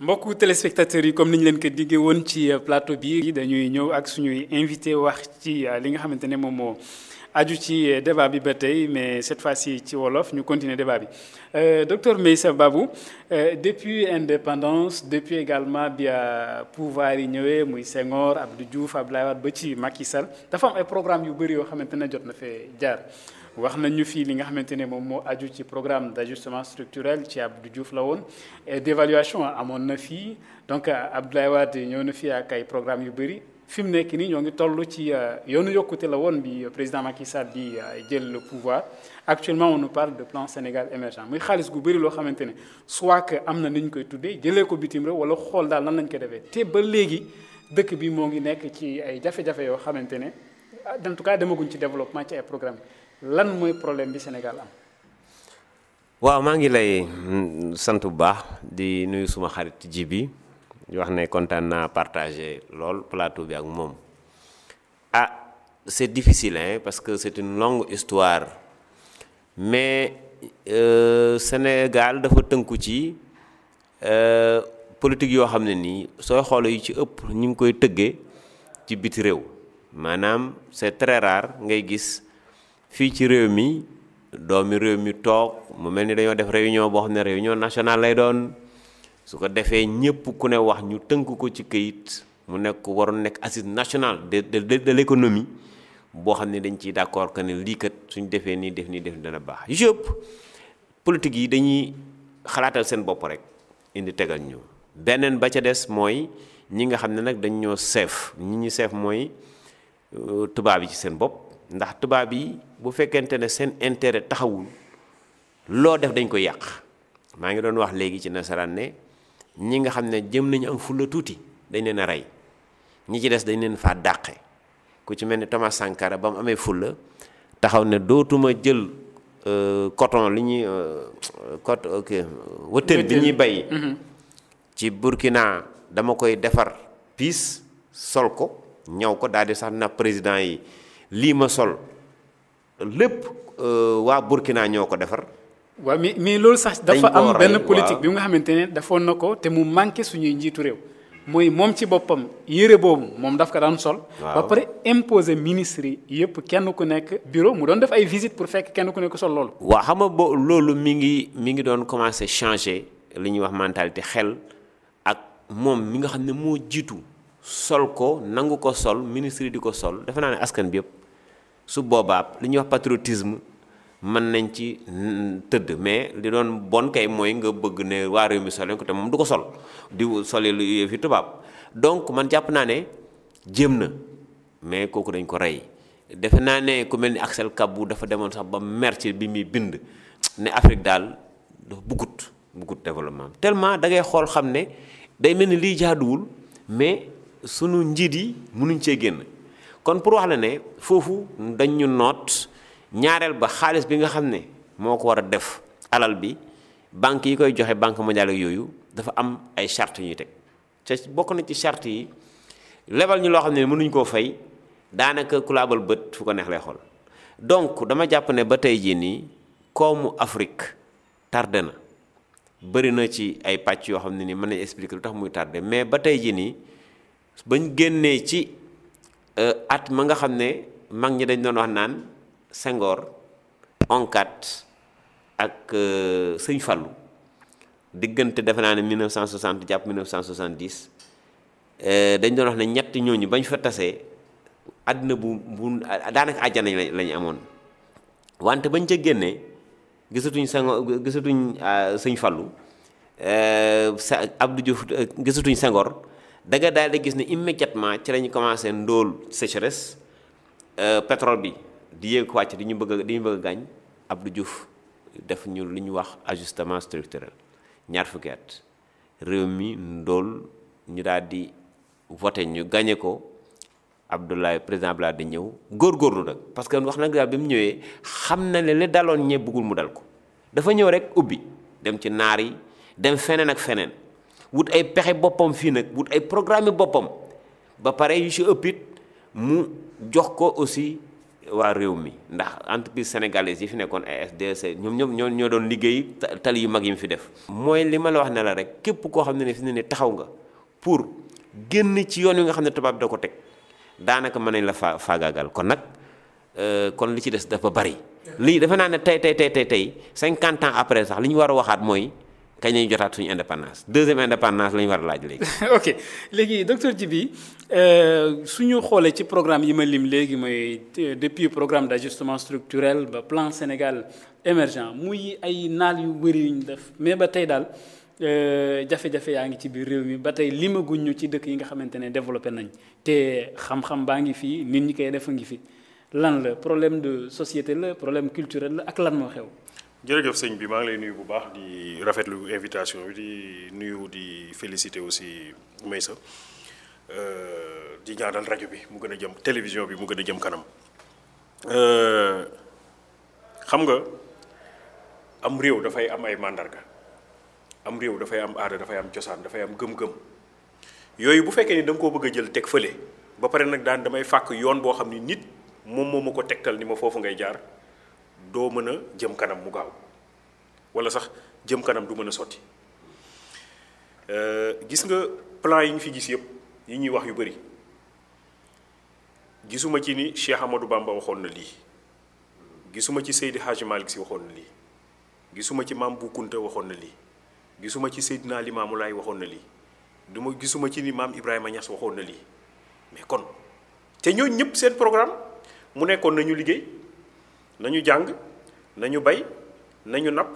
mbokk téléspectateurs yi comme ni ñu leen ko diggee woon ci plateau bi dañuy ñëw ak suñuy invité wax ci li nga xamante ne moom moo aju ci débat bi ba tey mais cette fois yi ci wolof ñu continuer débat bi euh, docteur Meissa Babou euh, depuis indépendance depuis également bi pouvoir yi ñëwee muy Senghor Abdou Diouf Abdoulaye Wade ba ci Macky Sall dafa am ay programme yu bëri yoo xamante ne jot na fee jaar wax nañu fii li nga xamante ne moom moo aju ci programme d'ajustement structurel ci Abdou Diouf la woon et d'évaluation amoon na fii donc Abdoulaye Wade ñëw na fii ak ay programme yu bëri fi mu nekk nii ñoo ngi tollu ci euh, yoonu yokkute la woon bi président Macky Sall di euh, jël le pouvoir actuellement on nous parle de plan Sénégal émergent muy xaalis gu bëri loo xamante ne soit que am na ni ñu koy tuddee jëlee ko bitim réew wala xool daal nan lañ ko defee te ba léegi dëkk bi moo ngi nekk ci ay jafe yoo xamante ne en tout cas demaguñ ci développement ci programme lan mooy problème bi Sénégal am. waaw maa ngi lay mm, sant bu baax di nuyu suma xarit ji bi di wax ne kontaan naa partagé lool plateau bi ak moom ah c'est difficile parce que c'est une longue histoire mais euh, Sénégal dafa tënku ci euh, politique yoo xam ne nii soo xoolee yu ci ëpp ñu ngi koy tëggee ci biti réew maanaam c'est très rare ngay gis. fii ci réew mi doomi réew mi toog mu mel ni dañoo def réunion boo xam ne ñoo nationale lay doon su ko defee ñëpp ku ne wax ñu tënk ko ci këyit mu nekk waroon nekk assise national de de de l'économie boo xam ne dañ ciy d'accord que ne lii kat suñ defee nii def nii def dana baax yëpp politique yi dañuy xalaatal seen bopp rek indi tegal ñu beneen ba ca des mooy ñi nga xam ne nag dañ ñoo seef ñi ñu seef mooy euh, tubaab yi ci seen bopp ndax tubaab yi. bu fekkente ne seen intérêt taxawul loo def dañ ko yàq maa ngi doon wax léegi ci nasaraan ne ñi nga xam ne jëm nañu am fulla tuuti dañ leen a rey ñi ci des dañ leen faa dàqe ku ci mel ni Thomas Sankara ba mu amee fulla taxaw ne dootuma jël euh, coton li ñuy euh, cot ok wëtën bi ñuy bay mm-hmm. ci Burkina dama koy defar piis sol ko ñaw ko daal di sax na président yi lii ma sol lépp euh, waa Burkina ñoo ko defar. waa mais mais loolu sax dafa am benn politique bi nga xamante ne dafoon na ko te mu manqué suñuy njiitu réew. mooy moom ci boppam yére boobu moom daf ko daan sol. ba pare imposer ministre yi yëpp kenn ku nekk bureau mu doon def ay visite pour fekk kenn ku nekk sol loolu. waa xam nga bo loolu mi ngi mi ngi doon commencé changer li ñuy wax mentalité xel ak moom mi nga xam ne moo jiitu sol ko nangu ko sol ministre di ko sol defe naa ne askan bi yëpp. su boobaa lu ñuy wax patriotisme man nañ ci tëdd mais li doon bon kay mooy nga bëgg ne waa réew mi sol ko te moom du ko sol di soli lu yëf tubaab donc man jàpp naa ne jéem na mais kooku dañ ko rey defe naa ne ku mel ni Axel Kabou dafa demoon sax ba mer ci bi muy bind ne Afrique daal dafa bëggut bëggut développement tellement da ngay xool xam ne day mel ni lii jaaduwul mais sunu njiit yi mënuñ cee génn. kon pour wax la ne foofu dañ ñu noot ñaareel ba xaalis bi nga xam ne moo ko war a def alal bi banque yi koy joxe banque mondiale yooyu dafa am ay charte ñuy teg te bokk na ci charte yi lebal ñu loo xam ne mënuñ koo fay daanaka ku laabal bët fu ko neex lay xool donc dama jàpp ne ba tey jii nii koomu Afrique tarde na bëri na ci ay pàcc yoo xam ne nii mën nañ expliquer lu tax muy tardé mais ba tey jii nii bañ génnee ci Euh, at ma nga xam ne mag ñi dañ doon wax naan sengoor onkat ak euh, sëñ Fallou diggante defe naa ne 1960 jàpp 1970 euh, dañ doon wax ne ñetti ñooñu bañ fa tasee àddina bu bu daanaka àjjana lañ amoon wante bañ ca génnee gisatuñ Senghor gisatuñ sëñ Fallou sa Abdou Diouf gisatuñ Senghor da daal di gis ni immédiatement ci la ñu commencé ndóol sécheresse euh, pétrole bi di yéeg wàcc di ñu bëgg di ñu bëgg a gaañ Abdou def ñu lu ñu wax ajustement structurel ñaar fukki réew mi ndóol ñu daal di voté ñu gagné ko Abdoulaye président Abdoulaye di ñëw góor góorgóorlu nag parce que wax nag daal bi mu ñëwee xam na ne li daloon ñee bëggul mu dal ko dafa ñëw rek ubbi dem ci naar yi dem feneen ak feneen. wut ay pexe boppam fii nag wut ay programme boppam ba pare yu ci ëpp it mu jox ko aussi waa réew mi ndax entreprise sénégalaise yi fi nekkoon ay FDC ñoom ñoom ñoo ñoo doon liggéey tali yu mag yi mu fi def. mooy li ma la wax ne la rek képp koo xam ne ne fi ne ne taxaw nga pour génn ci yoon wi nga xam ne tubaab da ko teg daanaka mën nañ la faa faagaagal kon nag euh, kon li ci des dafa bari. lii dafa naa ne tey tey tey tey tey cinquante ans après sax li ñu war a waxaat mooy. kañ lañu jotaat suñu indépendance deuxième indépendance la ñu war a laaj léegi. ok léegi docteur Djibi euh, suñu xoolee ci programme yi ma lim léegi mooy euh, depuis programme d'ajustement structurel ba plan Sénégal émergent muy ay naal yu bëri yu ñu def mais ba tey daal euh, jafe-jafe yaa ngi ci biir réew mi ba tey limaguñ ñu ci dëkk yi nga xamante ne développé nañ te xam-xam baa ngi fii nit ñi koy def a ngi fi lan la problème de société la problème culturel la ak lan moo jërëjëf sëñ bi maa ngi lay nuyu bu baax di rafetlu invitation bi di nuyu di félicité aussi Meissa euh, di ñaanal rajo bi mu gën a jëm télévision bi mu gën a jëm kanam euh, xam nga am réew dafay am ay màndarga am réew dafay am aada dafay am cosaan dafay am gëm-gëm yooyu bu fekkee ni da koo bëgg a jël teg fële ba pare nag daan damay fàkk yoon boo xam ni nit moom moom ma ko tegtal ni ma foofu ngay jaar doo mën a jëm kanam mu gaaw wala sax jëm kanam du mën a sotti euh, gis nga plan yi ñu fi gis yëpp yi ñuy wax yu bëri gisuma ci ni Cheikh Amadou Bamba waxoon na lii gisuma ci Seydi Hadji Malick Sy waxoon na gisuma ci Maam Bu waxoon na lii gisuma ci Seydina Limaamu Laay waxoon na lii du gisuma ci ni Maam Ibrahima Niass waxoon na lii mais kon te ñooñu ñëpp seen programme mu nekkoon nañu liggéey nañu jàng nañu bay nañu napp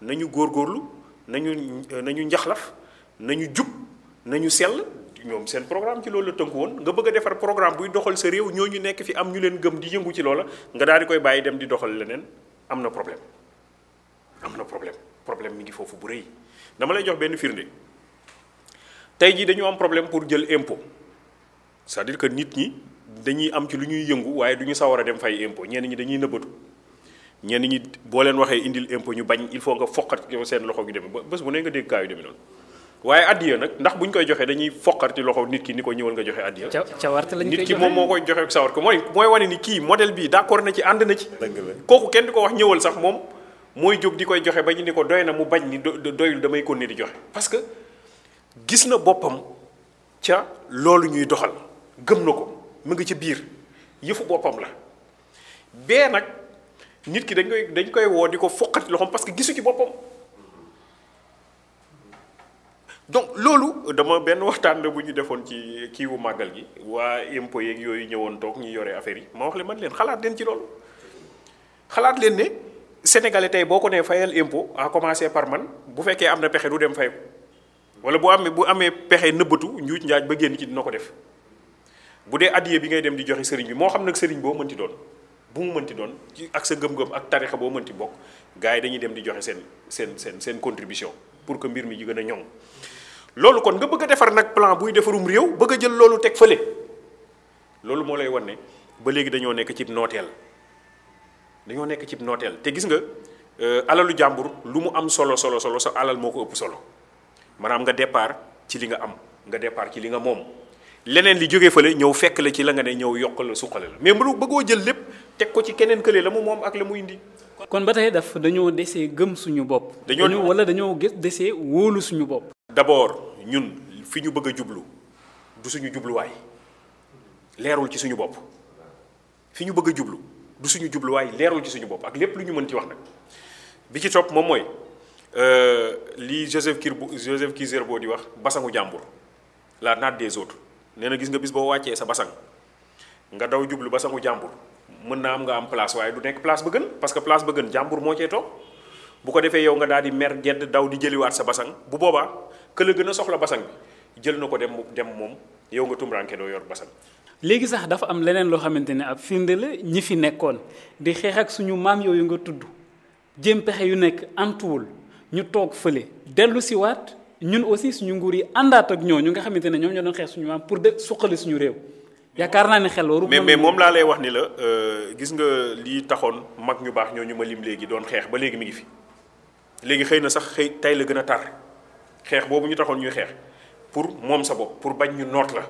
nañu góorgóorlu nañu eh, nañu njaxlaf nañu jub nañu sell ñoom seen programme ci loolu la tënku woon nga bëgg defar programme buy doxal sa réew ñooñu nekk fi am ñu leen gëm di yëngu ci loola nga daal di koy bàyyi dem di doxal leneen am na problème am na problème problème mi ngi foofu bu rëy dama lay jox benn firnde tey jii dañu am problème pour jël impôt c'est-à-dire que nit ñi dañuy am ci lu ñuy yëngu waaye du ñu sawar a dem fay impôt ñenn ñi dañuy nëbbatu ñenn ñi boo leen waxee indil impôt ñu bañ il faut nga foqat ko seen loxo bi demee ba bés bu ne nga dégg kaa yu demee noonu waaye addiya nag ndax bu ñu koy joxee dañuy foqati loxo nit ki ni ko ñëwal nga joxe addiya nit ki moom moo koy joxe ak sawar ko mooy mooy wane ni kii modèle bi na ci ànd na kooku kenn di ko wax ñëwal sax moom mooy jóg di koy joxe ba ñu ni ko doy na mu bañ ni doyul damay kon ne di joxe parce que gis na boppam ca loolu ñuy doxal gëm na ko mu ngi ca biir yëfu boppam la bee nag nit ki dañ koy dañ koy woo di ko foqati loxoom parce que gisu ci boppam donc loolu dama benn waxtaan la bu ñu defoon ci kiiwu màggal gi waa impôt yeeg yooyu ñëwoon toog ñu yore affaire yi ma wax le man leen xalaat leen ci loolu xalaat leen ne sénégalais tey boo ko nee fayal impôt à commencer par man bu fekkee am na pexe du dem fay ko wala bu amee bu amee pexe nëbbatu njuuj njaaj ba génn ci dina ko def bu dee addiye bi ngay dem di joxe sëriñ bi moo xam nag sëriñ boo mënti doon bu mu mënti doon ci ak sa gëm-gëm ak tarixa boo mënti bokk gars yi dañuy dem di joxe seen seen seen contribution pour que mbir mi ji gën a ñoŋ loolu kon nga bëgg a defar nag plan buy defarum réew bëgg a jël loolu teg fële loolu moo lay wan ne ba léegi dañoo nekk cib nooteel dañoo nekk cib nooteel te gis nga euh, alalu jàmbur lu mu am solo solo solo sa alal moo ko ëpp solo maanaam nga départ ci li nga am nga départ ci li nga moom leneen li jógee fële ñëw fekk la ci la nga ne ñëw yokk la suqale mais mënu bëggoo jël lépp teg ko ci keneen kële la mu moom ak la mu indi. kon ba tey daf dañoo desee gëm suñu bopp. dañoo wala dañoo desee wóolu suñu bopp. d'abord ñun fi ñu bëgg a jublu du suñu jubluwaay leerul ci suñu bopp fi ñu bëgg a jublu du suñu jubluwaay leerul ci suñu bopp ak lépp lu ñu mën ci wax nag bi ci topp moom mooy euh, li Joseph Kirbo Joseph Kizerbo di wax basangu jàmbur la naat des autres nee na gis nga bis boo wàccee sa basang nga daw jublu basangu jàmbur. mën naa am nga am place waaye du nekk place ba gën parce que place ba gën jàmbur moo cee toog bu ko defee yow nga daal di mer gedd daw di jëliwaat sa basan bu boobaa que la gën a soxla basang bi jël na ko dem dem moom yow nga tumranke doo yor basang. léegi sax dafa am leneen loo xamante ne ab firnde la ñi fi nekkoon di xeex ak suñu maam yu nga tudd jéem pexe yu nekk antuwul ñu toog fële dellu si waat ñun aussi suñu nguur yi àndaat ak ñooñu nga xamante ne ñoom ñoo doon xeex suñu maam pour de suqali suñu réew. yaakaar naa ne xel waru mais mais moom laa lay wax ni la euh, gis nga lii taxoon mag ñu baax ñooñu ma lim léegi doon xeex ba léegi mi ngi fi léegi xëy na sax xëy tey la gën a tar xeex boobu ñu taxoon ñuy xeex pour moom sa bopp pour bañ ñu noot la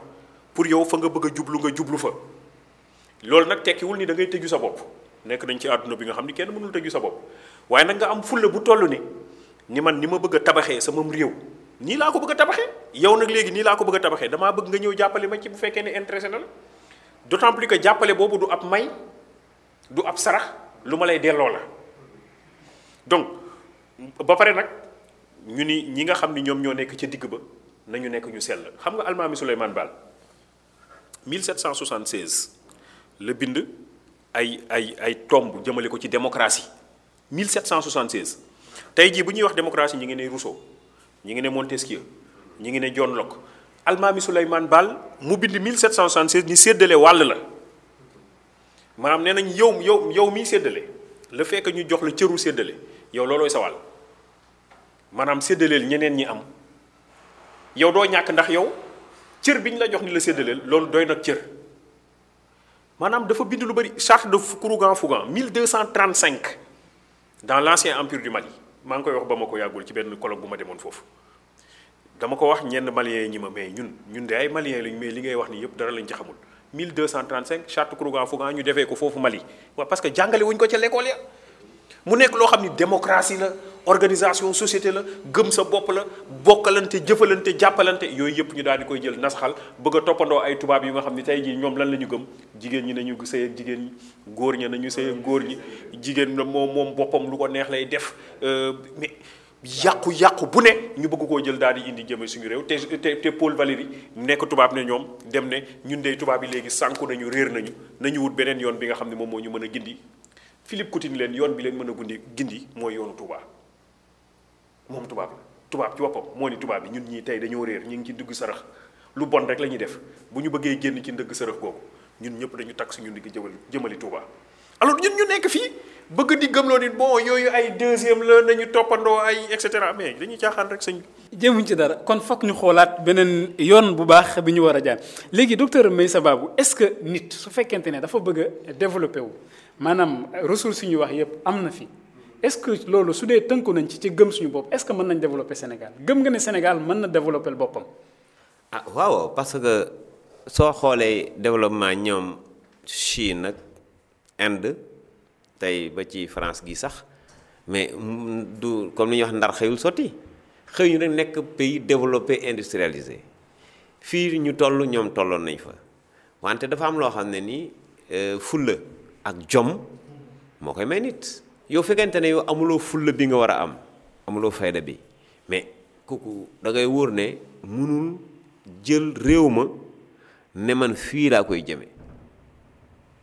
pour yow fa nga bëgg a jublu nga jublu fa loolu nag tekkiwul ni da ngay tëju sa bopp nekk nañ ci àdduna bi nga xam ni kenn mënul tëju sa bopp waaye nag nga am fulla bu toll ni ni man ni ma bëgg a tabaxee sama réew nii laa ko bëgg a tabaxee yow nag léegi nii laa ko bëgg a tabaxee damaa bëgg nga ñëw jàppale ma ci bu fekkee ne intéressé na la d'autant plus jàppale boobu du ab may du ab sarax lu ma lay delloo la donc ba pare nag ñu ni ñi nga xam ni ñoom ñoo nekk ca digg ba nañu nekk ñu sell xam nga almaami Souleymane Baal 1776 la bind ay ay ay tomb jëmale ko ci démocratie 1776 tey jii bu ñuy wax démocratie ñu ngi ne Rousseau. ñi ngi ne Montesquieu ñi ngi ne John Locke almaami Souleymane Baal mu bind 1776 ñi séddale wàll la maanaam nee nañ yow yow yow miy séddale le fait ñu jox la cëru séddale yow loolooy sa wàll maanaam séddaleel ñeneen ñi am yow doo ñàkk ndax yow cër bi ñu la jox ni la séddaleel loolu doy nag cër maanaam dafa bind lu bëri charte de Kourougan Fougan 1235 dans l' ancien empire du Mali maa ngi koy wax ba ma ko yàggul ci benn colloque bu ma demoon foofu dama ko wax ñenn maliens yi ñi ma mais ñun ñun de ay maliens lañ mais li ngay wax ni yëpp dara lañ ci xamul 1235 charte Kourougan Fouga ñu defee ko foofu Mali waaw parce que jàngale ko ca l'école ya mu nekk loo xam ni démocratie la organisation société la gëm sa bopp la bokkalante jëfalante jàppalante yooyu yëpp ñu daal di koy jël nasaxal bëgg a toppandoo ay tubaab yi nga xam ni tey jii ñoom lan la ñu gëm jigéen ñi nañu sëy jigéen góor ñi nañu sëy ak góor ñi jigéen la moom moom boppam lu ko neex lay def euh, mais yàqu-yàqu bu ne ñu bëgg koo jël daal di indi jëme suñu réew te te te Paul Valéry nekk tubaab ne ñoom dem ne ñun dey tubaab yi léegi sànku nañu réer nañu nañu wut beneen yoon bi nga xam ne moom moo ñu mën a gindi Philippe Coutinho leen yoon bi leen mën a gundi gindi mooy yoonu Touba moom tubaab la tubaab ci boppam mooy ni tubaab bi ñun ñii tey dañoo réer ñu ngi ci dugg sarax lu bon rek la ñuy def bu ñu bëggee génn ci ndëgg sërëx googu ñun ñëpp dañu takk suñu ndigg jëmali jëmali Touba alors ñun ñu nekk fii bëgg di gëmloo nit bon yooyu ay deuxième la nañu toppandoo ay et cetera mais dañuy caaxaan rek sañ bi ci dara kon foog ñu xoolaat beneen yoon bu baax bi ñu war a jaar léegi docteur Meissa Babou est-ce que nit su fekkente ne dafa bëgg a développé wu maanaam ressources yi ñu wax yépp am na fi est-ce que loolu su dee tënku nañ ci ci gëm suñu bopp est-ce que mën nañ développer Sénégal gëm nga ne Sénégal mën na développer boppam. ah waaw parce que soo xoolee développement ñoom Chine nag Inde tey ba ci France gi sax mais du comme li ñuy wax ndar xëyul sotti xëy ñu rek nekk pays développé industrialisé fii ñu toll ñoom tolloon nañ fa wante dafa am loo xam ne nii euh, fulla ak jom moo koy may nit yow fekkente ne yow amuloo fulla bi nga war a am amuloo fayda bi mais kooku da ngay wóor ne mënul jël réew ma ne man fii laa koy jëme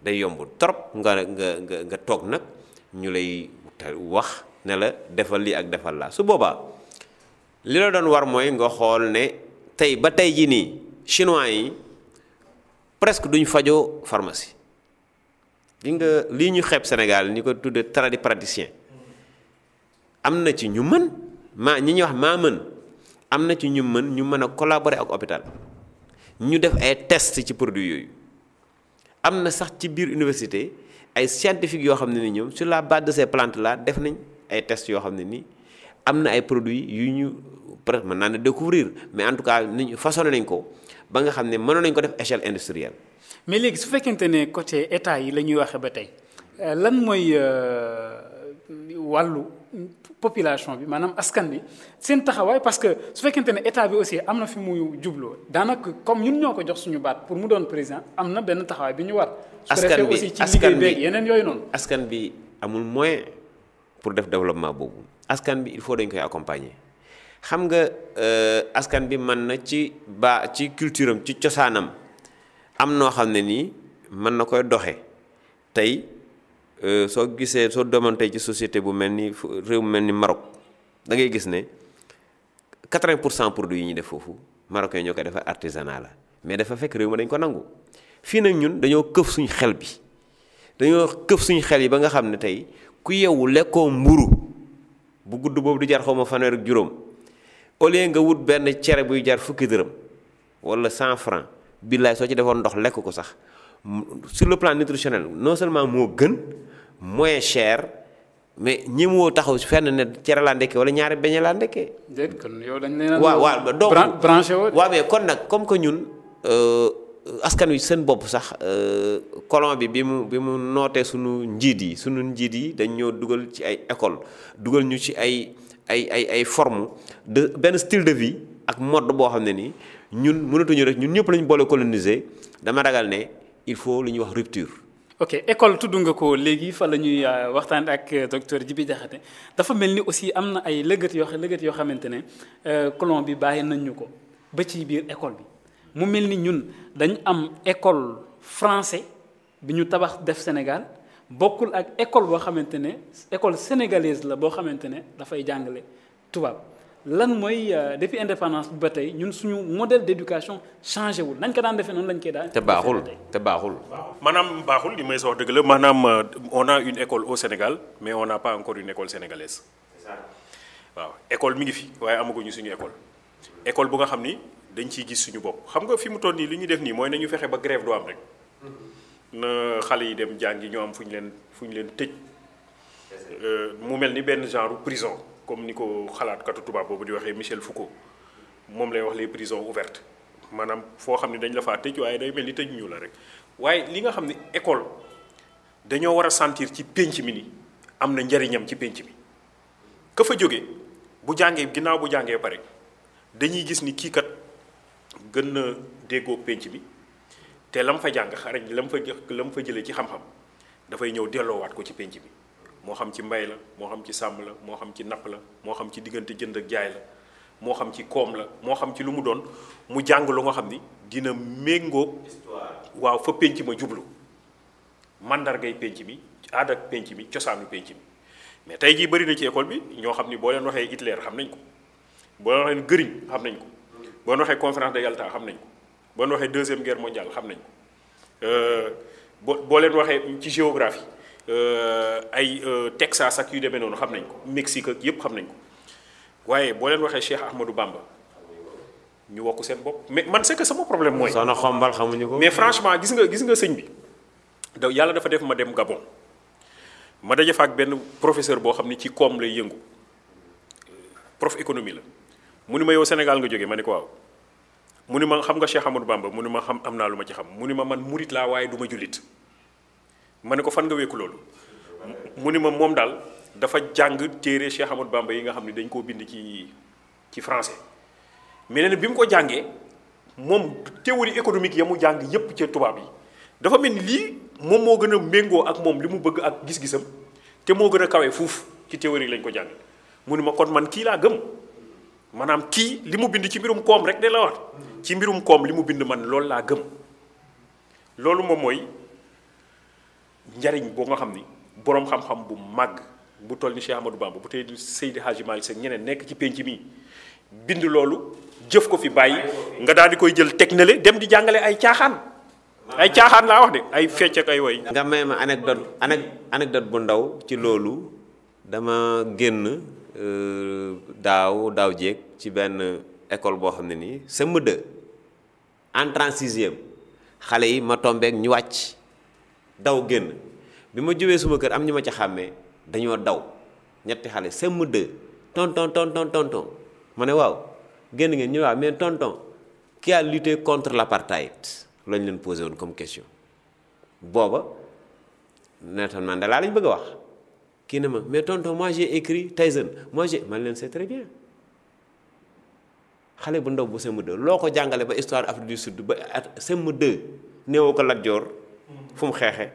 day yomb trop nga nga nga toog nag ñu lay wax ne la defal lii ak defal laa su boobaa li la doon war mooy nga xool ne tey ba tey ji nii chinois yi presque duñ fajoo pharmacie li nga lii ñu xeeb Sénégal ñu ko tudde tradipraticien am na ci ñu mën maa ñi ñuy wax maa mën am na ci ñu mën ñu mën a collaborer ak hôpital ñu def ay test ci produit yooyu am na sax ci biir université ay scientifique yoo xam ne ni ñoom sur la base de ces plantes là def nañ ay tests yoo xam ne nii am na ay produits yu ñu presque mën naa ne découvrir mais en tout cas ni ñu façonné nañ ko ba nga xam ne mënoon nañ ko def échelle industrielle mais léegi su fekkente ne côté état yi la ñuy waxee ba tey euh, lan mooy euh, wàllu population bi maanaam askan bi seen taxawaay parce que su fekkente ne état bi aussi am na fi muy jubloo daanaka comme ñun ñoo ko jox suñu baat pour mu doon président am na benn taxawaay bi ñu war. askan bi aussi ci liggéey beeg yeneen yooyu noonu. askan bi amul moyen pour def développement boobu askan bi il faut dañ koy accompagner xam nga euh, askan bi mën na ci ba ci culture am ci cosaanam. am noo xam ne nii mën na koy doxe tey euh, soo gisee soo demoon ci société bu mel ni réew mu mel ni Maroc da ngay gis ne 80 pour cent produits yi ñuy def foofu marocain ñoo koy defar artisanat la mais dafa fekk réew ma dañ ko nangu fii nag ñun dañoo këf suñu xel bi dañoo këf suñu xel yi ba nga xam ne tey ku yeewu lekkoo mburu bu gudd boobu du jar xaw ma fanweer ak juróom au lieu nga wut benn cere buy jar fukki dërëm wala cent francs billaay soo ci defoon ndox lekk ko sax sur le plan nutritionnel non seulement moo gën moins cher mais ñi moo taxaw fenn ne cere laa ndekkee wala ñaari beñe laa ndekkee. déedéet kon yow dañ leen waaw waaw donc branché mais kon nag comme que ñun euh, askan wi seen bopp sax euh, colon bi bi mu bi mu nootee suñu njiit yi suñu njiit yi dañ ñoo dugal ci ay école dugal ñu ci ay ay ay ay forme de benn style de vie. ak mode boo xam ne nii ñun mënatuñu rek ñun ñëpp lañ boole coloniser dama ragal ne il faut lu ñuy wax rupture. ok école tudd nga ko léegi fa la ñuy euh, waxtaan ak euh, docteur Djibi Diakhaté dafa mel ni aussi am na ay lëgët yoo lëgët yoo xamante ne euh, colon bi bàyyi nañ ñu ko ba ci biir école bi mu mel ni ñun dañ am école français bi ñu tabax def Sénégal. bokkul ak école boo xamante ne école sénégalaise la boo xamante ne dafay jàngale tubaab lan mooy euh, depuis indépendance bi ba tey ñun suñu modèle d' éducation wul nañ ko daan defee noonu lañ koy daan. te baaxul te baaxul. manaam baaxul li may wax dëgg la maanaam euh, on a une école au Sénégal mais on n'a pas encore une école sénégalaise. waaw école mi ngi fi waaye amaguñu suñu école. école bu nga xam ni dañ ciy gis suñu bopp xam nga fi mu toll nii li ñu def nii mooy nañu fexe ba grève du am rek. Mm-hmm. xale yi dem jàngi ñoo am fu ñu leen fu ñu leen tëj. Euh, mu mel ni benn genre prison. comme ni ko xalaatkatu tubaab boobu di waxee Michel Foucault moom lay wax les prisons ouvertes maanaam foo xam ne dañ la faa tëj waaye day mel ni tëj ñu la rek waaye li nga xam ne école dañoo war a sentir ci pénc mi ni am na njariñam ci pénc mi ka fa jógee bu jàngee ginnaaw bu jàngee pare dañuy gis ni kii kat gën na déggoo pénc bi te lam fa jàng xarañ lam fa lam fa jëlee ci xam-xam dafay ñëw delloowaat ko ci pénc mi moo xam ci mbay la moo xam ci sàmm la moo xam ci napp la moo xam ci diggante jënd ak jaay la moo xam ci koom la moo xam ci lu mu doon mu jàng lu nga xam ni dina méngóog waaw fa pénc ma jublu mandargay pénc mi aada ak pénc mi cosaanu pénc mi mais tey jii bari na ci école bi ñoo xam ni boo leen waxee Hitler xam nañ ko boo leen waxee gëriñ xam nañ ko boo leen waxee conférence de Yalta xam nañ ko boo leen waxee deuxième guerre mondiale xam nañ ko euh, boo boo leen waxee ci géographie Euh, ay euh, Texas ak yu demee noonu xam nañ ko Mexique ak yëpp xam nañ ko waaye boo leen waxee Cheikh Ahmadou Bamba ñu wokk seen bopp mais man c'est que sama problème mooy. soxna xombal xamuñu ko. mais franchement gis nga gis nga sëñ bi da yàlla dafa def ma dem Gabon ma daje fa ak benn professeur boo xam ni ci koom lay yëngu prof économie la mu ni ma yow Sénégal nga jógee ma ne ko waaw. mu ni ma xam nga Cheikh Ahmadou Bamba mu ni ma xam am naa lu ma ci xam mu ni ma man murit laa waaye du ma ma ne ko fan nga wékku loolu mu ni ma moom daal dafa jàng téere Cheikh Ahmadou Bamba yi nga xam ni dañ koo bind ci ci français mais nee na bi mu ko jàngee moom théorie économique ya mu jàng yépp ci tubaab yi dafa mel ni lii moom moo gën a méngoo ak moom li mu bëgg ak gis-gisam te moo gën a kawee fuuf ci théorie lañ ko jàng mu ni ma kon man kii laa gëm maanaam kii li mu bind ci mbirum koom rek de la wax ci mbirum koom li mu bind man loolu laa gëm loolu moom njariñ boo nga xam ni boroom xam-xam bu màgg bu toll ni Cheikh Amadou Bamba bu tey di Seydi Hadji Malick Sy ñeneen nekk ci penc mi bind loolu jëf ko fi bàyyi nga daal di koy jël teg na le dem di jàngale ay caaxaan ay caaxaan laa wax de ay fecc ak ay woy nga may ma anecdote anecdote bu ndaw ci loolu dama génn euh, daaw daaw jéeg ci benn école boo xam ne nii sama dë entrant sixième xale yi ma tombeek ñu wàcc daw génn bi ma jógee suma kër am ñu ma ca xàmmee dañoo daw ñetti xale sëmm deux tonton tonton tonton ma ne waaw génn ngeen ñu waaw mais tonton qui a lutté contre l'apartheid lañ leen posé woon comme question booba Nelson Mandela lañ bëgg a wax kii ne ma mais tonton moi j'ai écrit Tyson moi j'ai man leen c'est très bien xale bu ndaw bu sëmm deux loo ko jàngale ba histoire Afrique du Sud ba sëmm deux néewoo ko Lat Joor fu mu xeexee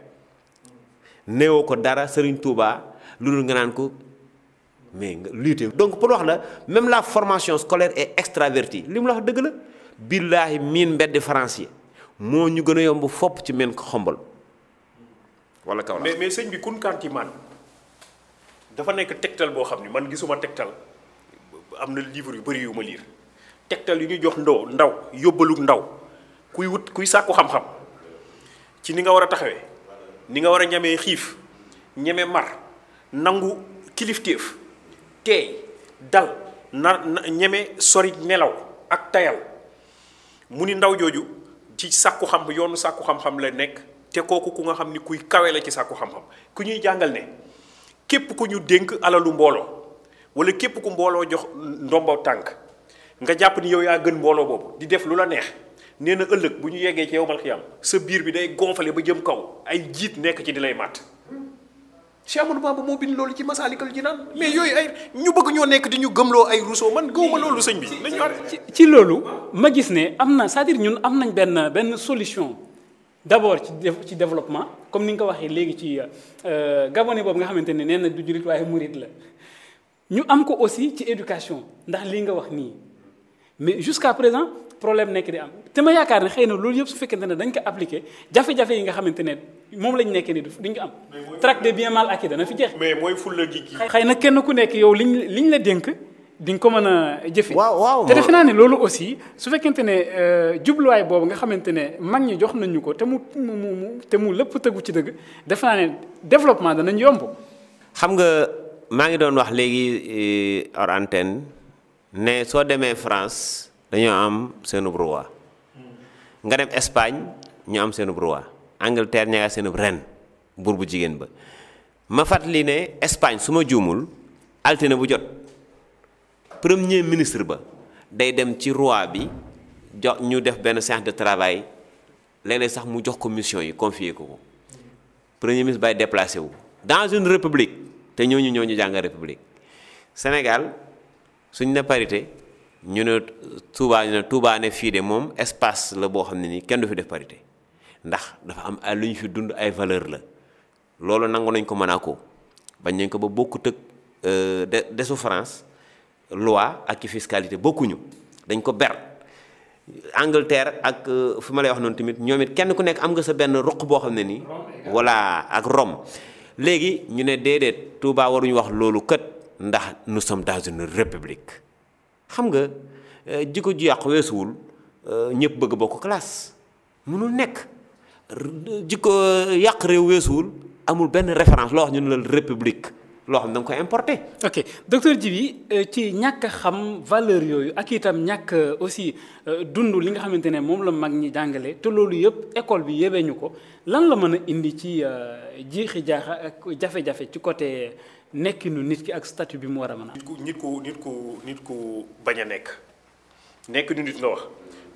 néewoo ko dara Serigne Touba lu dul nga naan ko mais nga lutte donc pour wax la même la formation scolaire est extravertie li mu la wax dëgg la billaahi miin mbedd France yi moo ñu gën a yomb fopp ci men ko walla kaw mais mais sëñ bi kunkaan ci man dafa nekk tegtal boo xam ne man gisuma tegtal am na livre yu bëri yu ma liir tegtal yu ñu jox ndaw ndaw yóbbalug ndaw kuy wut kuy sàkku xam-xam ci ni nga war a taxawee ni nga war a ñemee xiif ñeme mar nangu kilifteef teey dal na ñeme sori nelaw ak tayal mu ni ndaw jooju ci sàkku xam yoonu sàkku xam-xam la nekk te kooku ku nga xam ni kuy kawe la ci sàkku xam-xam ku ñuy jàngal ne képp ku ñu dénk alalu mbooloo wala képp ku mbooloo jox ndombo tànk nga jàpp ni yow yaa gën mbooloo boobu di def lu la neex nee na ëllëg bu ñu yeggee ci yowmal xiyam sa biir bi day gonfale ba jëm kaw ay jiit nekk ci di lay màtt Cheikh Amadou ba moo bind loolu ci Masaalikul Jinaan mais yooyu ay ñu bëgg ñoo nekk di ñu gëmloo ay Rousseau man gëwuma loolu sëñ bi. ci ci loolu ma gis ne am na cest à ñun am nañ benn benn solution d'abord ci ci développement comme ni nga ko waxee léegi ci euh, gabonais boobu nga xamante ne nee na du jurit waaye murit la ñu am ko aussi ci éducation ndax lii nga wax nii mais jusqu'à problème nekk di am te ma yaakaar ne xëy na loolu yëpp su fekkente ne dañ ko appliqué jafe-jafe yi nga xamante ne moom lañ nekk nii duñ ko am. traque des biens mal acquis dana fi jeex. mais mooy fulla gi xëy na kenn ku nekk yow liñ liñ la dénk di nga ko mën a jëfe waaw waaw te defe naa ne loolu aussi su fekkente ne euh, jubluwaay boobu nga xamante ne mag ñi jox nañ ko te mu mu mu te mu lépp tëggu ci dëgg defe naa ne développement danañ yomb. xam nga maa ngi doon wax léegi euh, hors antenne ne soo demee France. dañoo am seenub roi nga dem Espagne ñu am seenub roi Angleterre ña nga seenub reine buur bu jigéen ba ma fàttali ne Espagne su ma juumul altine bu jot premier ministre ba day dem ci roi bi jox ñu def benn séance de travail léeg sax mu jox ko mission yi confier ko ko premier ministre bay déplacé wu dans une république te ñooñu ñooñu jàng république Sénégal suñ ne parité ñu ne Touba ñu ne Touba ne fii de moom espace la boo xam ne nii kenn du fi def parité ndax dafa am ay lu ñu fi dund ay valeur la loolu nangu nañ ko Monaco bañ nañ ko ba bokkut ak euh, desu France loi ak fiscalité bokkuñu dañ ko ber Angleterre ak euh, fi ma lay wax noonu tamit ñoom it kenn ku nekk am nga sa benn ruq boo xam ne nii voilà ak Rome léegi ñu ne déedéet Touba waruñu wax loolu kat ndax nous sommes dans une république xam nga eh, jikko ju yàqu weesuwul eh, ñëpp bëgg bokk classe mënul nekk jikko eh, yàq réew weesuwul amul benn référence loo wax ñu ne la république loo xam ne da nga koy importé. ok docteur Djibi ci ñàkk xam valeur yooyu ak itam ñàkk aussi dund li nga xamante ne moom la mag ñi jàngale te loolu yëpp école bi yebee ñu ko lan la mën a indi ci jiixi jaaxa ak jafe-jafe ci côté. nekkinu nit ki ak statut bi mu war a mën a. nit ku nit ku nit ku bañ a nekk nekkinu nit nga wax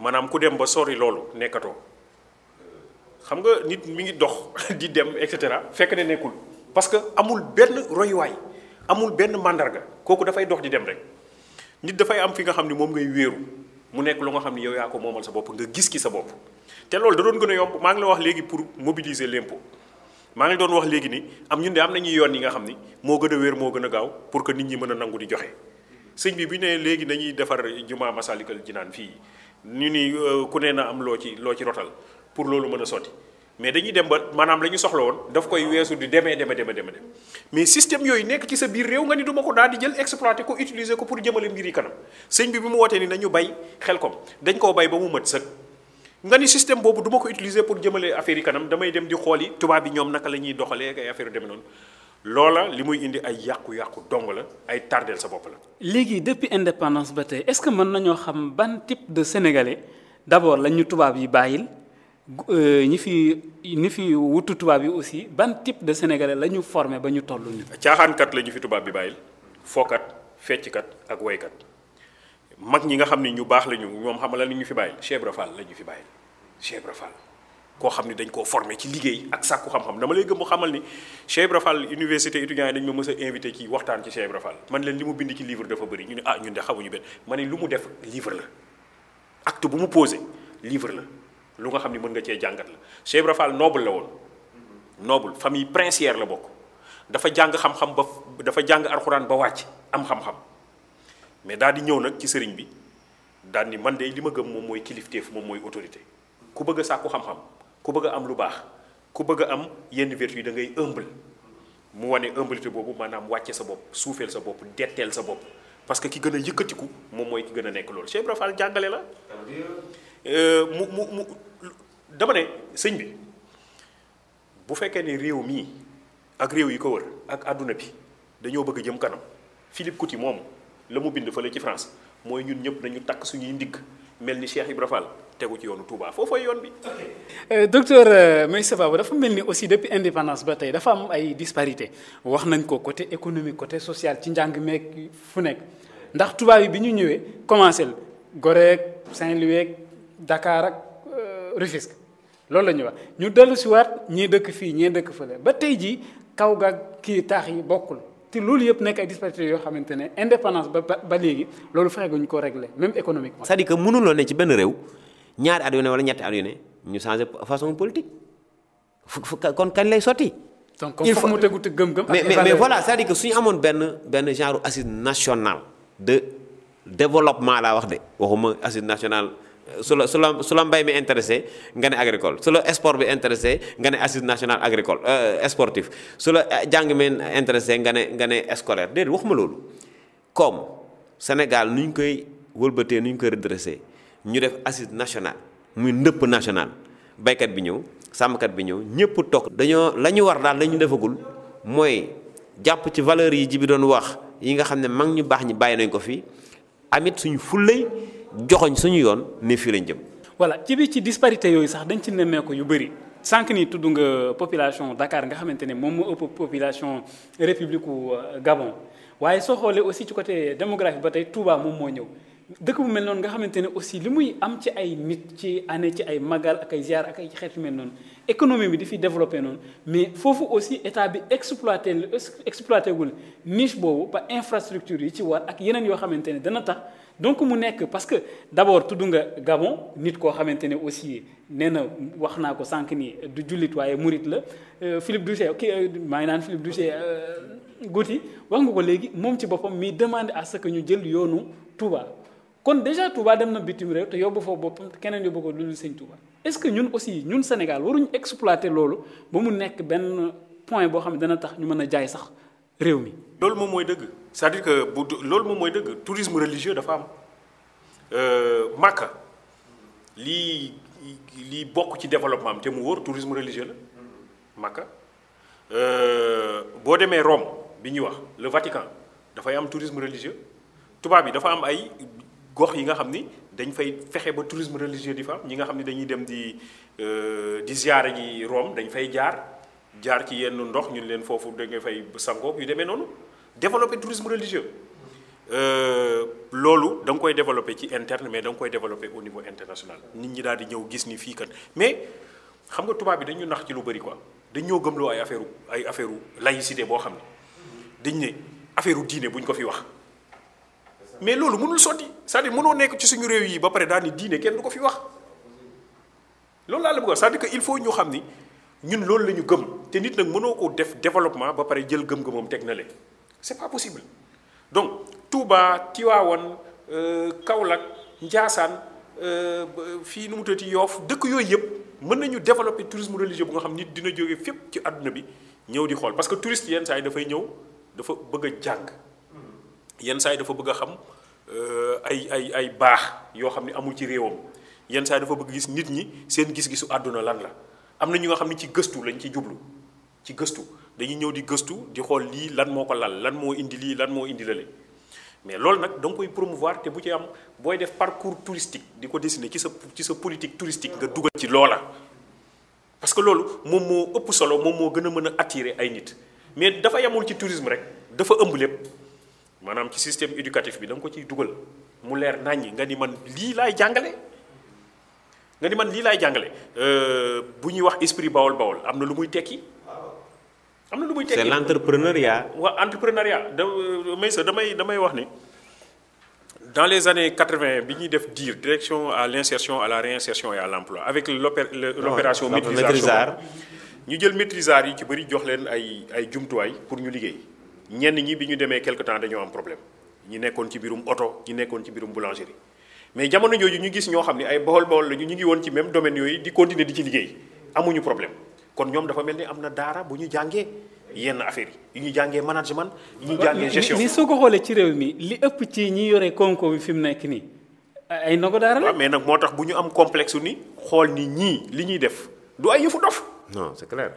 maanaam ku dem ba sori loolu nekkatoo xam nga nit mu ngi dox di dem et cetera fekk ne nekkul parce que amul benn royuwaay amul benn màndarga kooku dafay dox di dem rek nit dafay am fi nga xam ni moom ngay wéeru mu nekk lu nga xam ni yow yaa ko moomal sa bopp nga gis ki sa bopp te loolu da doon gën a yomb maa ngi la wax léegi pour mobiliser l'impôt maa ngi doon wax léegi ni am ñun de am nañu yoon yi nga xam ni moo gën a wér moo gën a gaaw pour que nit ñi mën a nangu di joxe sëñ bi bu ne léegi dañuy defar jumaa Masalikul Jinaan fii ñu ni euh, ku ne na am loo ci loo ci rotal pour loolu mën a sotti mais dañuy dem ba maanaam lañu soxla woon daf koy weesu di demee deme deme deme mais système yooyu nekk ci sa biir réew nga ni duma ko daal di jël exploité ko utiliser ko pour jëmale mbir yi kanam sëñ bi bi mu wootee ni nañu bay xel kom dañ koo bay ba mu mët sëkk nga ni système boobu du ko utiliser pour jëmale affaire yi kanam damay dem di xooli tubaab yi ñoom naka la ñuy doxalee ak ay affaire yu demee noonu loola li muy indi ay yàqu-yàqu dong la ay tardeel sa bopp la. léegi depuis indépendance ba tey est-ce que mën nañoo xam ban type de sénégalais d'abord lañu tubaab yi bàyyil euh, ñi fi ñi fi wutu tubaab yi aussi ban type de sénégalais la ñu formé ba ñu toll nii. caaxaankat la ñu fi tubaab bi bàyyil fookat fecckat ak woykat. mag ñi nga xam ne ñu baax la ñu ñoom xamala la ñu fi bàyyi Cheikh Ibra Fall la ñu fi bàyyi Cheikh Ibra Fall koo xam ne dañ koo formé ci liggéey ak sàkku xam-xam dama lay gëm mu xamal ni Cheikh Ibra Fall université étudiants yi dañ ma mës invité ci waxtaan ci Cheikh Ibra Fall man leen li mu bind ci livre dafa bëri ñu ne ah ñun de xamuñu benn ma ne lu mu def livre la acte bu mu posé livre la lu nga xam ne mën nga cee jàngat la Cheikh Ibra Fall noble la woon noble famille princière la bokk dafa jàng xam-xam dafa jàng alxuraan ba wàcc am xam mais daal di ñëw nag ci sëriñ bi daal ni man de li ma gëm moom mooy kilifteef moom mooy autorité ku bëgg a sàkku xam-xam ku bëgg am lu baax ku bëgg a am yenn vertu yi da ngay humble mu wane humilité boobu maanaam wàcce sa bopp suufeel sa bopp detteel sa bopp parce que ki gën a yëkkatiku moom mooy ki gën a nekk loolu Cheikh Ibra Fall jàngale la euh, mu mu mu dama ne sëñ bi bu fekkee ni réew mii ak réew yi ko wër ak àdduna bi dañoo bëgg jëm kanam Philippe Couti moomu la mu bind fële ci France mooy ñun ñëpp nañu takk suñuy ndigg mel ni Cheikh Ibra Fall tegu ci yoonu Touba foofooy yoon bi. Euh, docteur euh, Moustapha Ba dafa mel ni aussi dépp indépendance ba tey dafa am ay disparité wax nañ ko côté économique côté social ci njàng meeg fu nekk ndax tubaab yi bi ñu ñëwee commencé la Gorée Saint-Louis Dakar ak euh, Rufisque loolu la ñuy wax ñu dellu si waat ñii dëkk fii ñii dëkk fële ba tey jii kaw ga kii taax yi bokkul. te loolu yëpp nekk ay disparités yoo xamante ne indépendance ba ba léegi loolu fexe guñ ko régler même économiquement. c'est-à-dire que ne ci benn réew ñaari at yu wala ñetti at yu ne ñu changer façon politique fu kon kañ lay sotti. donc comme foog mu tegu te gëm-gëm. mais mais voilà c'est-à-dire que amoon benn benn genre assise nationale de développement laa wax de waxuma assise national su la su la su la mbay mi intéressé nga ne agricole su la sport bi intéressé nga ne assise nationale agricole euh, sportif su la euh, jàng mi intéressé nga ne nga ne scolaire déedéet waxuma loolu comme Sénégal nu ñu koy wëlbatee nu ñu koy redressé ñu def assise national muy ndëpp national baykat bi ñëw sàmmkat bi ñëw ñëpp toog dañoo la ñu war daal la defagul mooy jàpp ci valeur yi ji bi doon wax yi nga xam ne mag ñu baax ñi bàyyi nañ ko fii amit suñu fullay joxoñ suñu yoon ni fii lañ jëm. voilà ci bi ci disparité yooyu sax dañ ci nemmeeku yu bëri sànq ni tudd nga population Dakar nga xamante ne moom moo ëpp population république euh, Gabon waaye soo xoolee aussi ci côté démographie ba tey Touba moom moo ñëw. dëkk bu mel noonu nga xamante ne aussi li muy am ci ay nit ci année ci ay magal ak ay ziar ak ay xeet yu mel noonu économie bi di fi développé noonu mais foofu aussi état bi exploité exploité wul niche boobu ba infrastructure yi ci war ak yeneen yoo xamante ne dana tax. donc mu nekk parce que d'abord tudd nga Gabon nit koo xamante ne aussi nee na wax naa ko sànq nii du jullit waaye murit la euh, Philippe Doucet kii maa ngi naan Philippe Doucet euh, Gouty wax nga ko léegi moom ci boppam mii demande à ce ñu jël yoonu Touba kon déjà Touba dem na bitim réew te yóbbu foofu boppam keneen yóbbu ko lu sëñ Touba est-ce que ñun aussi ñun Sénégal waruñu exploité loolu ba mu nekk benn point boo xam ne dana tax ñu mën a jaay sax réew mi. loolu moom mooy dëgg c'est-à-dire que bu loolu moom mooy dëgg tourisme religieux dafa am euh, Makka lii lii bokk ci développement am te mu wóor tourisme religieux la Makka euh, boo demee Rome bi ñuy wax le Vatican dafay am tourisme religieux tubaab yi dafa am ay gox yi nga xam ni dañ fay fexe ba tourisme religieux di fa am ñi nga xam ni dañuy dem di euh, di ziyaare ji Rome dañ fay jaar. jaar ci yenn ndox ñun leen foofu da nga fay sangoo yu demee noonu développer tourisme religieux euh, loolu da koy développer ci interne mais da nga koy développer au niveau international nit ñi daal di ñëw gis ni fii kat mais xam nga tubaab bi dañu nax ci lu bëri quoi dañ ñoo gëmloo ay affaire ay affaire laïcité boo xam ne dañ ne affaire diine buñ ko fi wax mais loolu mënul sotti cest à mënoo nekk ci suñu réew yi ba pare daal ni diine kenn du ko fi wax loolu laa la bëgg cest à il faut ñu xam ni ñun loolu la ñu gëm te nit nag mënoo ko def développement ba pare jël gëm-gëmam teg na leen c'est pas possible donc Touba Tiwaawan euh, Kaolack Njaasaan euh, fii nu mu tëddee Yoof dëkk yooyu yëpp mën nañu développer tourisme religieux bu nga xam nit dina jóge fépp ci àdduna bi ñëw di xool parce que touriste yenn saa yi dafay ñëw dafa bëgg a jàng yenn saa yi dafa bëgg a xam euh, ay ay ay baax yoo xam ne amul ci réewam yenn saa yi dafa bëgg gis nit ñi seen gis-gisu àdduna lan la. am na ñu nga xam ne ci gëstu lañ ci jublu ci gëstu dañuy ñëw di gëstu di xool lii lan moo ko lal lan moo indi lii lan moo indi lale mais loolu nag da nga koy promouvoir te bu ci am booy def parcours touristique di ko dessiner ci sa ci sa politique touristique nga dugal ci loola. parce que loolu moom moo ëpp solo moom moo gën a mën a attirer ay nit mais dafa yamul ci tourisme rek dafa ëmb lépp maanaam ci système éducatif bi da ko ciy dugal mu leer naññi nga ni man lii laay jàngale. nga ni man lii laay jàngale euh, bu ñuy wax esprit bawol bawol am na lu muy tekki. am na lu muy tekki c'est l'entrepreneuriat. waaw entrepreneuriat da euh, may sa damay damay wax ni dans les années 80 bi ñuy def DIR direction à l'insertion à la réinsertion et à l'emploi avec oh, l'opération maîtrisard ñu jël maîtrisard yi ci bëri jox leen ay ay jumtuwaay pour ñu liggéey ñenn ñi bi ñu demee quelque temps dañoo am problème ñi nekkoon ci biirum oto ñi nekkoon ci biirum boulangerie. mais jamono jooju ñu gis ñoo xam ne ay bawol bawol la ñu ñu ngi woon ci même domaine yooyu di continuer di ci liggéey amuñu problème kon ñoom dafa mel ni am na daara bu ñu jàngee yenn affaire yi yu ñu jàngee management yu ñu jàngee gestion mais soo ko xoolee ci réew mi li ëpp ci ñi yore konko bi fi mu nekk nii ay ndogu daara la mais nag moo tax bu ñu am complexe ni xool ni ñii li ñuy def du ay yëfu dof non c'est clair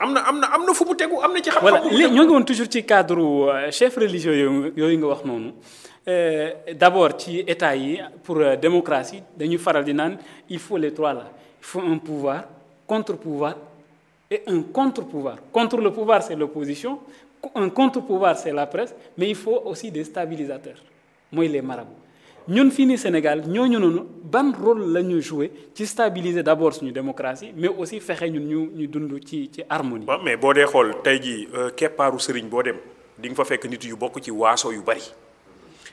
am na am na am na fu mu tegu am na ci xam-xam voilà ñoo ngi toujours ci cadre euh, chef religieux yooyu yooyu nga wax noonu Euh, d'abord ci état yi pour euh, démocratie dañuy faral di naan il faut les trois la il faut un pouvoir contre-pouvoir et un contre-pouvoir contre le pouvoir c'est l'opposition un contre-pouvoir c'est la presse mais il faut aussi des stabilisateurs mooy les marabouts ñun fii ni Sénégal ñooñu noonu ban rôle la ñuy jouer ci stabiliser d'abord suñu démocratie mais aussi fexe ñun ñu ñu dund ci ci harmonie. waaw mais boo dee xool tey jii euh, keppaaru sëriñ boo dem di nga fa fekk nit yu bokk ci waaso yu bari.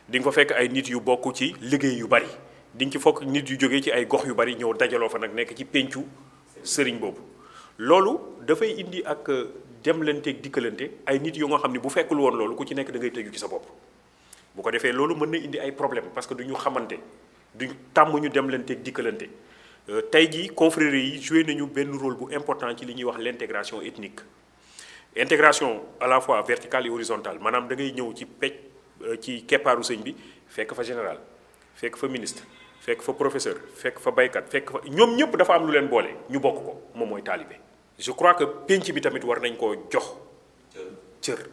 di nga fa fekk ay nit yu bokk ci liggéey yu bari di ci fokk nit yu jógee ci ay gox yu bari ñëw dajaloo fa nag nekk ci péncu sëriñ boobu. loolu dafay indi ak euh, demlanteeg dikkalante ay nit yu nga xam ne bu fekkul woon loolu ku ci nekk da ngay tëju ci sa bopp bu ko defee loolu mën na indi ay problème parce que du ñu xamante duñ tàmm ñu demlanteeg dikkalante. Euh, tey jii confrérie yi joué nañu benn rôle bu important ci li ñuy wax l'intégration ethnique intégration à la fois verticale maanaam da ngay ñëw ci pecc Euh, ci keppaaru sëñ bi fekk fa général fekk fa ministre fekk fa professeur fekk fa baykat fekk fa ñoom ñëpp dafa am lu leen boole ñu bokk ko moom mooy taalibe je crois que pénc bi tamit war nañ koo jox cër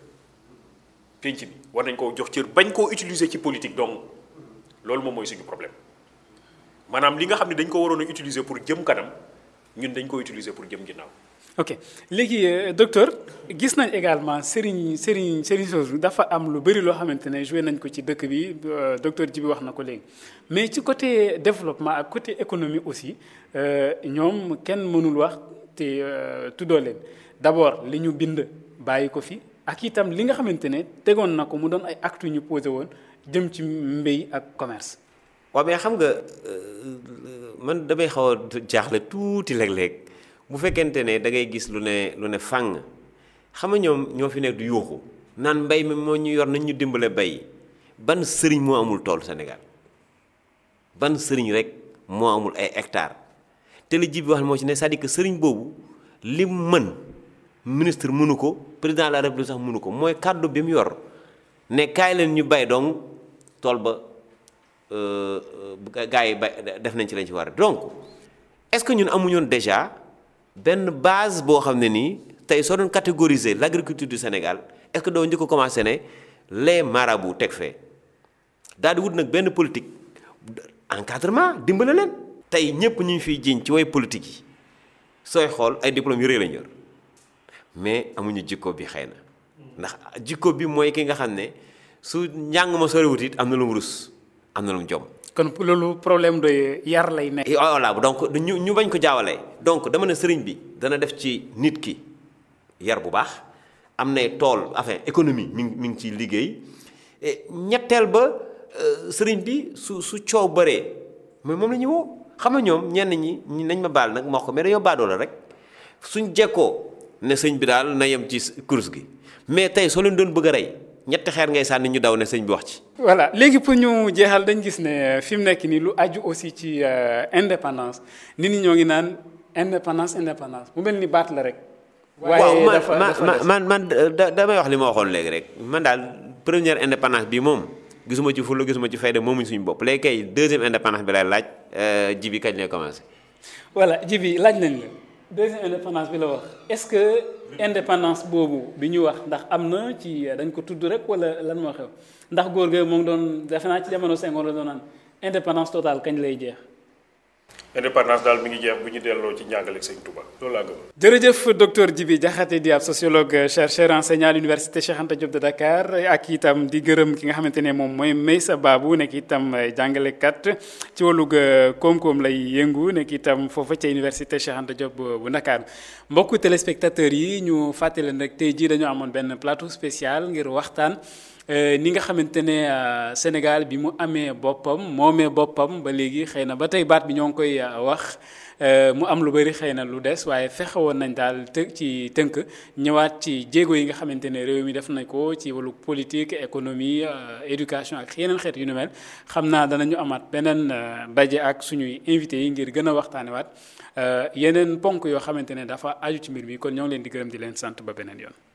pénc bi war nañ koo jox cër bañ koo utiliser ci politique donc loolu moom mooy suñu problème maanaam li nga xam ne dañ ko waroon a pour jëm kanam ñun dañ ko utiliser pour jëm ginnaaw ok léegi euh, docteur gis nañ également Serigne Serigne Serigne Soosu dafa am lu bëri loo xamante ne joué nañ ko ci dëkk bi euh, docteur Djibi wax na ko léegi mais ci côté développement ak côté économie aussi euh, ñoom kenn mënul wax te tuddoo leen d'abord li ñu bind bàyyi ko fi ak itam li nga xamante ne tegoon na ko mu doon ay actu ñu posé woon jëm ci mbéy ak commerce. waaw mais xam nga man damay xaw a jaaxle tuuti léeg-léeg. bu fekkente ne da ngay gis lu ne lu ne fànn xam nga ñoom ñoo fi nekk du yuuxu naan mbay mi moo ñu yor nañ ñu dimbale bay ban sëriñ moo amul tool Sénégal ban sëriñ rek moo amul ay hectares te li ji bi wax moo ci ne c'est-à-dire sëriñ boobu li mën ministre mënu ko président de la république sax mënu ko mooy kàddu bi mu yor ne kaay leen ñu bay donc tool ba euh, euh, gars yi bay def nañ ci lañ ci war donc est-ce que ñun amuñoon déjà benn base boo xam ne nii tey soo doon catégoriser l' agriculture du Sénégal est que doo njëkk a commencé ne les marabouts teg fee daal di wut nag benn politique encadrement dimbale leen. tey ñëpp ñu ngi fiy jiiñ ci way politique yi sooy xool ay diplômes yu rëy mais amuñu jikko bi xëy na ndax jikko bi mooy ki nga xam ne su njàng ma soriwut it am na lu mu rus am na lu mu jom. kon loolu problème de yar lay nekk. voilà donc ñu ñu bañ ko jaawale donc dama ne sëriñ bi dana def ci nit ki yar bu baax am na tool enfin économie mi ngi mi ciy liggéey ñetteel ba euh, sëriñ bi su su coow bëree mais moom la ñu woo xam nga ñoom ñenn ñi nañ ma baal nag moo ko mais dañoo baadoo rek suñ jekkoo ne sëñ bi daal na yem ci course gi mais tey soo leen doon bëgg a rey. ñetti xeer ngay sànni ñu daw ne sëñ bi wax ci. voilà léegi pour ñu jeexal dañ gis ne fi mu nekk nii lu aju aussi ci euh, indépendance nit ñi ñoo ngi naan indépendance indépendance mu mel ni baat la rek. waaye dafa man man man damay wax li ma waxoon léegi rek man daal première indépendance bi moom gisuma ci fulla gisuma ci moom moomuñ suñu bopp léegi kay deuxième indépendance bi lay laaj euh, ji bi kañ lay commencé. voilà ji bi laaj nañ deuxième indépendance bi la wax est-ce que indépendance boobu bi ñu wax ndax am na ci dañ ko tudd rek walla lan moo xew ndax góor gi moo ngi doon defe naa ci jamono Senghor la doon naan indépendance totale kañ lay jeex. indépendance daal mi ngi jeex bu ñu delloo ci njàngale sëñ Touba jërëjëf docteur Djibi Diakhaté di ab sociologue chercheur enseignant à l'université Cheikh Anta Diop de Dakar ak itam di gërëm ki nga xamante ne moom mooy Meissa Babou nekk itam jàngalekat ci wàllug euh, koom-koom lay yëngu nekk itam foofa ci université Cheikh Anta Diop bu Dakar mbokku téléspectateurs yi ñu fàttali leen rek tey jii dañu amoon benn plateau spécial ngir waxtaan. Euh, ni nga xamante ne euh, Sénégal bi mu amee boppam moomee boppam ba léegi xëy na ba tey baat bi ñoo ngi koy euh, wax mu am lu bari xëy na lu des waaye fexe woon nañ daal të ci tënk ñëwaat ci jéego yi nga xamante ne réew mi def nañ ko ci wàllu politique économie éducation ak yeneen xeet yu ni mel xam naa danañu amaat beneen daje ak suñuy invité yi ngir gën a waxtaanewaat yeneen ponk yoo xamante ne dafa aju ci mbir mi kon ñoo ngi leen di gërëm di leen sant ba beneen yoon.